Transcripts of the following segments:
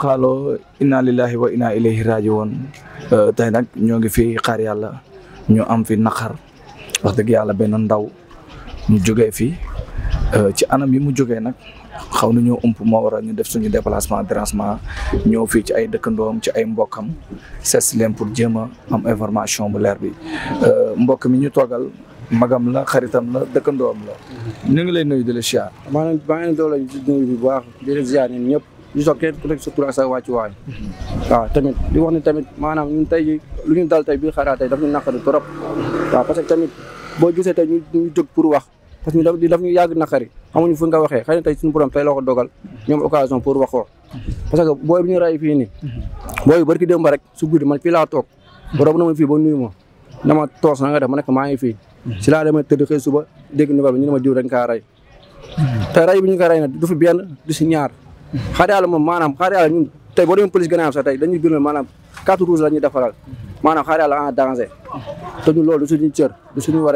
xaaloo inna lillahi wa inna ilayhi woon euh, tey nag ñoo ngi fi xaar yàlla ñoo am fi naqar wax dëgg yàlla benn ndaw ñu jógee fi euh, ci anam yi mu jógee nag xaw na ñoo ëmp moo waral ñu def suñu déplacement dérangement ñëw fii ci ay dëkkandoom ci ay mbokkam sees leen pour jéem a am information bu leer bi euh, mbokk mi ñu toogal magam la xaritam la dëkkandoom la mm-hmm. ñu ngi leen di nuyu bu baax di leen ziar ñun di soog kenn ku nekk sa tur ak sa tamit di wax ne tamit maanaam ñun tey lu ñu dal tey biir Xayra tey daf ñu naqari trop waaw parce que tamit boo gisee tey ñu ñu jóg pour wax parce que ñu daf ñu yàgg naqari xamuñu fu nga waxee xëy na tey suñu borom tey la ko dogal ñoom occasion pour waxoo parce que booy bu ñu ray fii nii booy barki démb rek su guddi man fii laa toog borom na ma fii ba nuyu moo na ma toos na nga def ma nekk maa ngi fii si laa demee suba dégg nouvelle bi ñu ne ma diw dañ kaa rey te rey bi ñu ko rey na benn du si ñaar xaar yàlla moom maanaam xaar yàlla ñun tey boo demee police gën a am sax tey dañuy bind maanaam carte rouge la ñuy defaral maanaam xaar yàlla en danger ñun loolu du suñu cër du suñu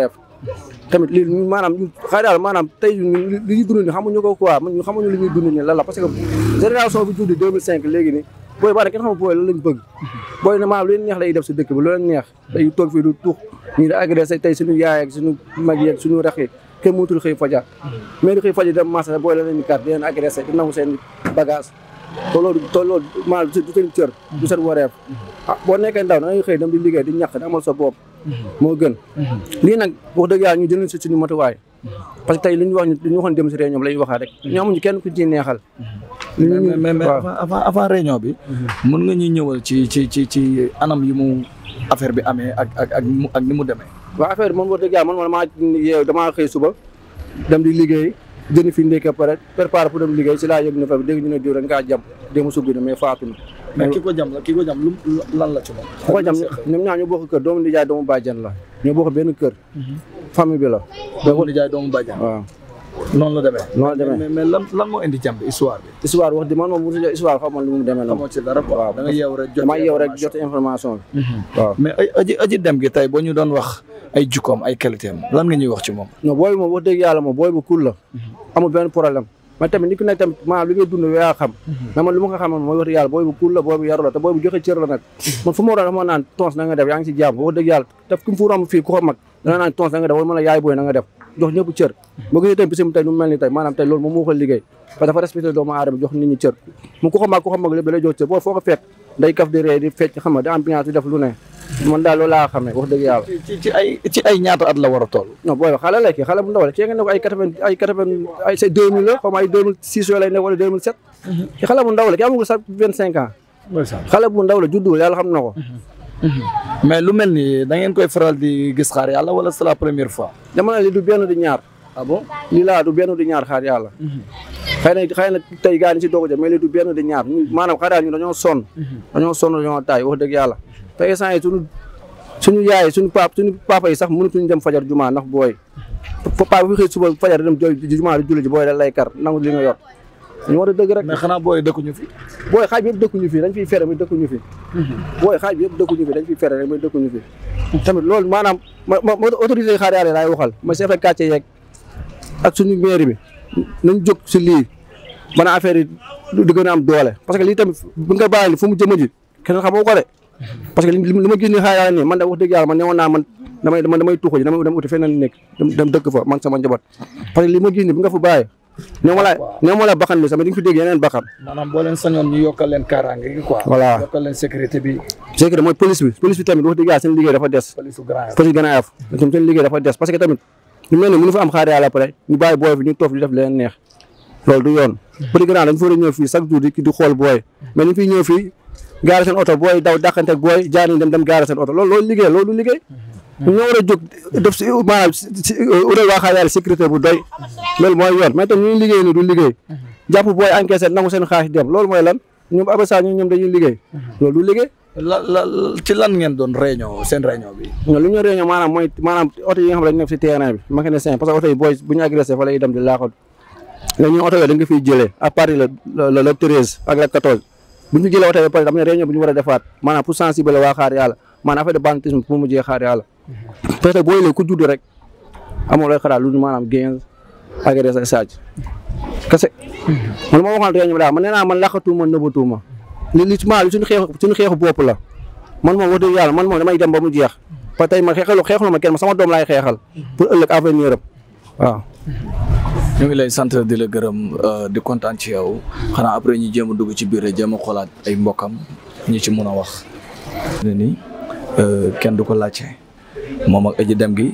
lii maanaam ñun xaar maanaam tey li ñuy dund ni xamuñu ko quoi ñu xamuñu li ñuy dund ni lan la parce que génération bi judd 2005 léegi ni booy baax na kenn xamul booy lan lañ bëgg booy ne maanaam lu leen neex lay def si dëkk bi lu leen neex day toog fii du ñu di tey suñu yaay ak suñu mag yi ak suñu rax yi kenn mënatul xëy faja hmm. mais di xëy faja dem marché booy la leen di carte di leen agressé di nangu seen bagage te loolu te loolu maanaam du seen cër du seen wareef hmm. ah, boo nekkee ndaw da ngay xëy dem di liggéey di ñàkk di amal sa bopp hmm. moo gën lii nag wax dëgg yaa ñu jëlin si suñu matuwaay parce que tey ñu wax ñu waxoon dem si réunion bi lañu ñu waxaat rek ñu kenn ku ci neexal mais mais avant avant réunion bi mën nga ñu ñëwal ci ci ci ci anam yi mu affaire bi amee ak ak ak ak ni mu demee waaw affaire bi man wax dëgg yàlla man man maa yeew damaa xëy suba dem di liggéey jënd fi ndékk pare prépare pour dem liggéey si laa yëg ne fa bi dégg ñu ne diw rek ngaa jàpp déma suggi na mais faatu na ki ko jam la ki ko jam lu lan la ci moom ko jam ñoom ñaar ñoo bokk kër doomu nijaay doomu bàjjan la ñoo bokk benn kër mhm. famille bi la doomu nijaay doomu bàjjan waaw noonu la demee noonu la demee mais lan lan moo indi jàmm bi histoire wax di man moom musuñu histoire xaw ma lu mu demee noonu jot dama yeew mhm. aji dem gi tey boo ñu doon wax ay jukkoom ay qualité am lan nga ñuy wax ci moom booy bi wax dëgg yàlla moom booy bu cool la mhm. amul benn problème man tamit nit ku nekk tamit maa lu ngay yaa xam mhm. mais ma ko xamoon ma naan tons na def yaa ngi ci jàmm wax dëgg yàlla daf ku mu ku ko mag dana naan tons na def wala mën a yaay booy na nga def jox ñëpp cër boo gisee tey bisim tey nu mel ni tey maanaam tey loolu moom moo ko liggéey parce que dafa respecté doomu jox nit cër mu ko xamaag ko xamaag lépp da lay jox cër boo foo ko day kaf di di fecc xam di ambiance di def lu ne man daal loolu laa wax dëgg yàlla ci ci a toll non booy xale la kii xale bu ndaw la kii nga ne ko ay vingt cinq ans xale ndaw la juddul yàlla xam na Mhm. mais lu mel ni da ngeen koy faral di gis xaar yàlla wala c'est la première fois. dama li du benn di ñaar. ah bon lii laa du benn di ñaar xaar yàlla. Mhm. xëy na xëy na tey gaa yi si doog a jëm mais lii du benn di ñaar maanaam xaar yàlla ñu dañoo sonn. Mhm. dañoo sonn dañoo taay wax dëgg yàlla. te instant yi suñu suñu yaay suñu pap suñu papa yi sax mënatuñu dem fajar jumaa ndax booy. papa bu xëy suba fajar dem jumaa di julli ji booy da lay kar nangu li nga yor dañu war a dëgg rek mais xanaa booy dëkkuñu fi booy xaaj bi yëpp dëkkuñu fi dañ fiy fere muy dëkkuñu fi booy xaaj bi yëpp dëkkuñu fi dañ fiy fere mooy muy dëkkuñu fi tamit lool maanaam ma ma autorité yi xaar yàlla laay waxal ma chef de quartier yeeg ak suñu mairie bi nañ jóg si lii mën a affaire yi di gën a am doole parce que lii tamit bu nga bàyyi mu jëma kenn xamoo ko de parce que li ma gis ni xaar yàlla man da wax dëgg yàlla man newoon man damay damay ji damay dem uti feneen nekk dem dëkk fa man sama njaboot parce que li ma gis ni bu nga fa bàyyi ñoom wala ñoom wala bi sama di nga fi dégg gi quoi voilà yokkal leen sécurité bi sécurité mooy police bi police bi tamit wax dëgg yàlla seen liggéey dafa des parce que tamit ñu mel ne mënu fa am xaar yàlla après ñu bàyyi booy fi ñu toog di def leen neex loolu du yoon police Grand dañu fa war a ñëw fii chaque jour di di xool booy mais ñu fiy ñëw fii gaare seen oto booy daw dàqante booy jaar dem dem gaare seen oto loolu loolu liggéey loolu liggéey ñoo war a jóg def si maanaam waa Xaajaar sécurité bu doy loolu mooy yoon mais tam liggéey ni du liggéey jàpp booy encaissé nangu seen xaalis loolu mooy lan ñoom abasa ñu ñoom dañuy liggéey loolu du liggéey la lan ngeen doon réunion seen réunion bi lu ñu maanaam mooy maanaam oto yi nga xam ne dañu nekk si terrain bi mécanicien parce que oto booy bu ñu agressé fa lay dem di laaxatu la oto yooyu dañ ko fiy ba pare am na réunion a defaat maanaam pour sensibiliser waa xaar yàlla maanaam affaire de banditisme pour mu mujjee xaar parce que booy la ku judd rek amoon lay xalaat lu maanaam génn agressé sa sàcc kese. man ma waxoon rek ñu daal man nee naa man laqatuma nëbbatuma li li ma li suñu xeexu suñu xeexu bopp la man moom wax dëgg yàlla man moom damay dem ba mu jeex ba tey man xeexalu xeexlu ma kenn ma sama doom laay xeexal pour ëllëg avenir am waaw. ñu ngi lay sant di la gërëm euh, di kontaan ci yow xanaa après ñu jéem a dugg ci biir jéem a xoolaat ay mbokkam ñi ci mun a wax. ne ni euh, kenn du ko laajte. moom ak Aji Dem gi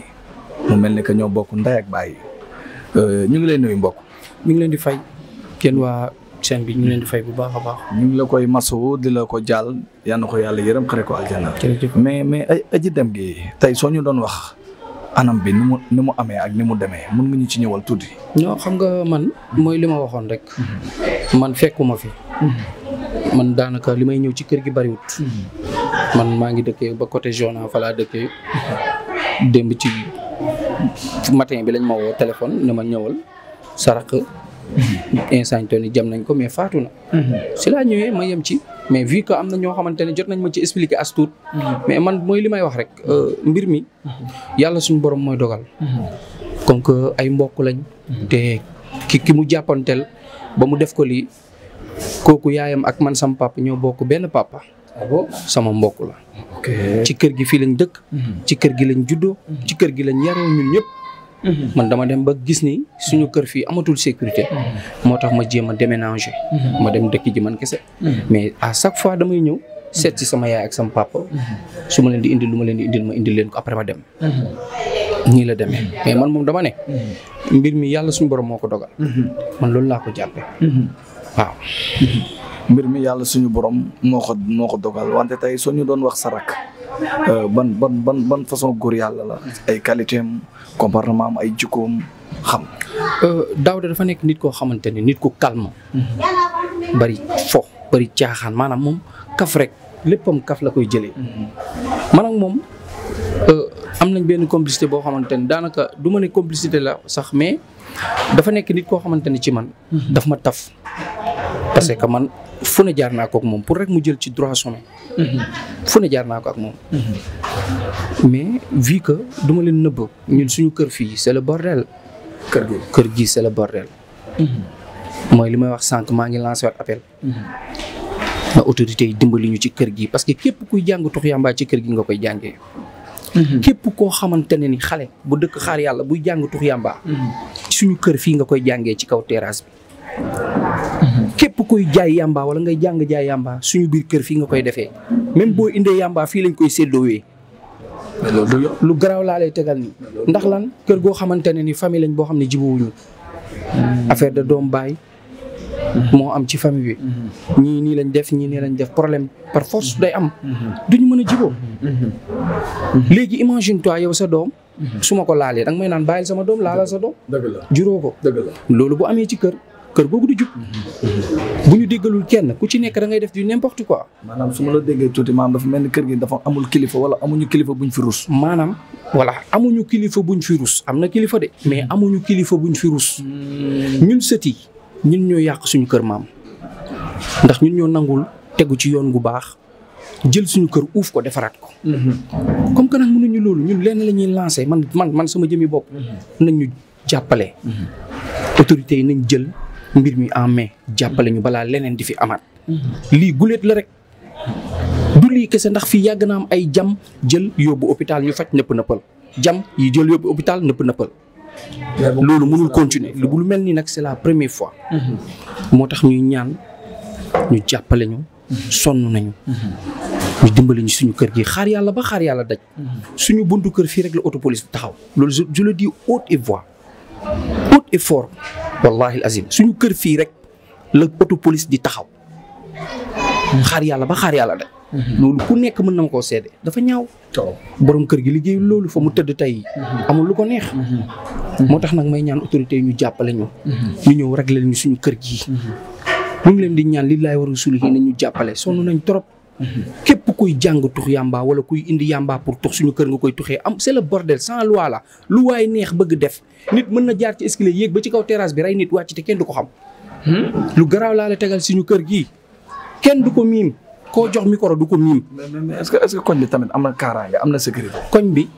mu mel ni que ñoo bokk nday ak baay euh, ñu ngi leen nuyu mbokk. ñu ngi leen di fay kenn waa chaîne bi ñu leen di fay bu baax a baax. ñu ngi la koy masawu di la ko jàll yal na ko yàlla yërëm xare ko aljana mais mais Aji Dem gi tey soo ñu doon wax. anam bi ni mu ni mu amee ak ni mu demee mën nga ñu ci ñëwal tuuti. ñoo xam nga man mooy li ma waxoon rek. Mm-hmm. man fekkuma fi. Mm-hmm. man daanaka li may ñëw ci kër gi bariwut. Mm-hmm. man maa ngi dëkkee ba côté Jona fa démb ci matin bi lañ ma woo téléphone ne ma ñëwal sarak instant ni jam nañ ko mais faatu na si laa ñëwee ma yem ci mais vu que am na ñoo xamante ne jot nañ ma ci expliquer as tuut mais man mooy li may wax rek euh, mbir mi yàlla suñ borom mooy dogal comme que ay mbokk lañ te ki mu jàppanteel ba mu def ko li kooku yaayam ak man sam papa ñoo bokk benn papa Ah, sama mbokk la ci kër gi fii lañ dëkk mhm. ci kër gi lañ juddoo mhm. ci kër gi lañ yaroo ñun ñëpp mhm. man dama dem ba gis ni suñu kër fii amatul sécurité moo tax ma jéem a déménager ma dem dëkk ji man kese mais à chaque fois damay ñëw seet ci sama yaay ak sama papa su ma leen di indi lu ma leen di indil ma indi leen ko après ma dem nii la demee mais man moom dama ne mbir mi yàlla suñu borom moo ko dogal man loolu laa ko jàppee mbir mi yàlla suñu borom moo ko moo ko dogal wante tey soo ñu doon wax sa rakk euh, ban ban ban ban façon góor yàlla la ay qualité am am ay jikkoom xam. Euh, Daouda dafa nekk nit koo xamante ne nit ku calme. Mm-hmm. bari fo bari caaxaan maanaam moom kaf kaf la koy jëlee. Mm-hmm. man moom euh, am nañ benn complicité boo xamante ne daanaka du ma ne complicité la sax mais dafa nekk nit koo xamante ne ci man. Mm-hmm. daf ma taf. parce que man fu ne jaar naa ko ak moom pour rek mu jël ci droit chemin. fu ne jaar naa ko ak moom. mais vu que du ma leen nëbb ñun suñu kër fii c'est le bordel. kër gi kër gi mooy li may wax sànq maa ngi lancé waat appel. na autorités yi dimbali ñu ci kër gi parce que képp kuy jàng tux yàmbaa ci kër gi nga koy jàngee. képp koo xamante ne ni xale bu dëkk xaar yàlla buy jàng tux yàmbaa. Mhm. suñu kër fii nga koy jàngee ci kaw teraas bi. képp kuy jaay yàmba wala ngay jàng jaay yàmba suñu biir kër fii nga koy defee même boo indee yàmba fii lañ koy séddoowee. lu garaw laa tegal ni ndax lan kër goo xamante ne ni famille lañ boo xam ne jibowuñu hmm. affaire de doom baay hmm. moo am ci famille bi hmm. ñii nii lañ def ñii nii lañ def problème par force day am duñu mën a jiboo léegi imagine toi yow sa doom su ma ko laalee danga may naan bàyyil sama doom laalal sa doom juróo ko loolu bu amee ci kër kër boo du jub. bu ñu déggalul kenn ku ci nekk da ngay def du n'importe quoi. maanaam su ma la déggee tuuti maanaam dafa mel ni kër gi dafa amul kilifa wala amuñu kilifa buñ fi rus. maanaam voilà amuñu kilifa buñ fi rus am na kilifa de. mais amuñu kilifa buñ fi rus. Hmm. ñun sët ñun ñoo yàq suñu kër maam ndax ñun ñoo nangul tegu ci yoon gu baax. jël suñu kër uuf ko defaraat ko. Hmm. comme que nag mënuñu loolu ñun lenn la ñuy lancé man man man sama jëmi bopp. Hmm. nañ ñu jàppale. autorités nañ jël mbir mi en mais jàppale ñu balaa leneen di fi amaat. lii guleet la rek du lii kese ndax fii yàgg na am ay jam jël yóbbu hôpital ñu faj nëpp nëppal jam yu jël yóbbu hôpital nëpp nëppal. loolu mënul continuer lu mel nii nag c'est la première fois. moo tax ñuy ñaan ñu jàppale ñu. sonn nañu. ñu dimbali ñu suñu kër gi xaar yàlla ba xaar yàlla daj. suñu buntu kër fii rek la autopolice taxaw. loolu je je le et voix haute et fort wallahi azim suñu kër fii rek la auto police di taxaw xaar yàlla ba xaar yàlla de. loolu ku nekk mën na ma koo seede dafa ñaaw. borom kër gi liggéeyul loolu fa mu tëdd tey. Mhm. amul lu ko neex. Mhm. moo tax nag may ñaan autorité ñu jàppale ñu. Mhm. ñu ñëw régler ñu suñu kër gi. ñu ngi leen di ñaan li laay war a suul yi nañu jàppale sonn nañ trop. képp kuy jàng tux yàmba wala kuy indi yàmbaa pour tux suñu kër nga koy tuxee am c'est le bordel sans loi la lu waay neex bëgg def nit mën na jaar ci escalier yéeg ba ci kaw terrasse bi rey nit wàcc te kenn du ko xam. Hmm? lu garaaw laa la tegal suñu kër gii kenn du ko miim koo jox micro du ko miim. que koñ bi tamit am na am na sécurité. koñ bi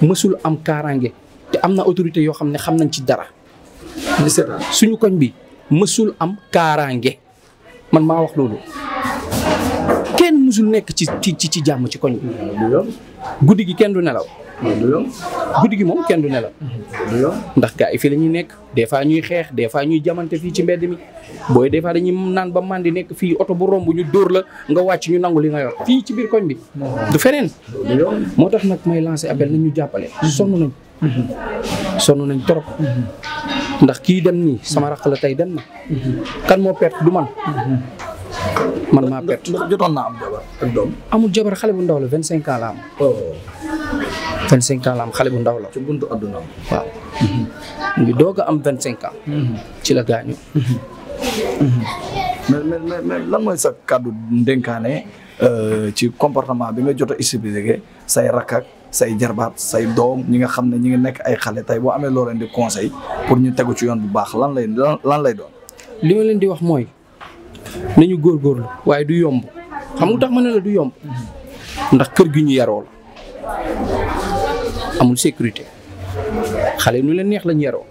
mësul am kaaraange te am na autorité yoo xam ne xam nañ ci dara. suñu koñ bi mësul am kaaraange man maa wax loolu. kenn musul nekk ci ci ci jàmm ci koñ guddi gi kenn du nelaw guddi gi moom kenn du nelaw mm-hmm. ndax gaa yi fii la ñuy nekk des fois ñuy xeex des fois ñuy jamante fii ci mbedd mi booy des fois dañuy naan ba mandi nekk fii oto bu romb ñu dóor la nga wàcc ñu nangu li nga yor fii ci biir koñ bi mm-hmm. du feneen moo tax nag may lancer appel na ñu jàppale mm-hmm. sonn nañ sonn nañ trop ndax kii dem nii sama rakk la tey dem na kan moo perte du man man maa pet jotoon naa am amul jabar xale bu ndaw la vingt cinq oh. ans la am. xale bu ndaw la. ci buntu àdduna waaw. mu ngi doog a am vingt cinq ans. ci la gaañu. mais lan mooy sa kàddu ndénkaane euh, ci comportement bi nga jot a expliqué say rakk say jarbaat say doom ñi nga xam ne ñi ngi nekk ay xale tey boo amee loo leen di conseil pour ñu tegu ci yoon bu baax lan lay lan lay doon. li di wax mooy. nañu góorgóorlu waaye du yomb xam nga tax ma ne la du yomb ndax kër gi ñu yaroo la amul sécurité xale nu leen neex lañ yaroo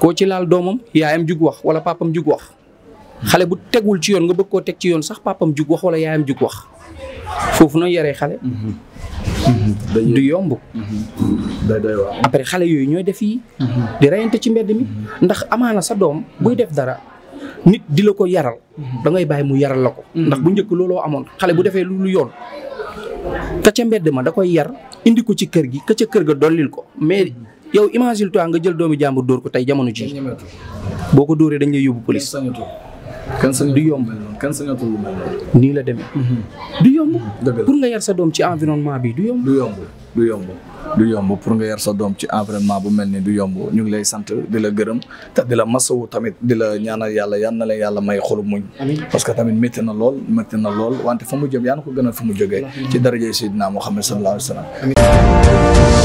koo ci laal doomam yaayam jug wax wala pàppam jug wax xale bu tegul ci yoon nga bëgg koo teg ci yoon sax papam jug wax wala yaayam jug wax foofu nooy yaree xale. du yomb. après xale yooyu ñooy def yi mhm. di reyante ci mbedd mi mhm. ndax amaana sa doom buy def dara. nit di la ko yaral da ngay bàyyi mu yaral la ko mm-hmm. ndax bu njëkk looloo amoon xale bu defee lu lu yoon ka ca mbedd ma da koy yar indi ko ci kër gi ka ca kër ga dollil ko mais mm-hmm. yow imagine toi nga jël doomi jàmbur dóor ko tey jamono ji boo ko dóoree dañ lay yóbbu police du yomb nii la demee mm-hmm. du yomb pour nga yar sa doom ci environnement bi du yomb du yomb du yomb pour nga yar sa doom ci environnement bu mel ni du yomb ñu ngi lay sant di la gërëm te di la masawu tamit di la ñaanal yàlla yal na leen yàlla may xolu muñ parce que tamit métti na lool métti na lool wante fa mu jëm yaa na ko gënal fa mu jógee ci darajay Seydina Muhammad sallallahu alayhi wa sallam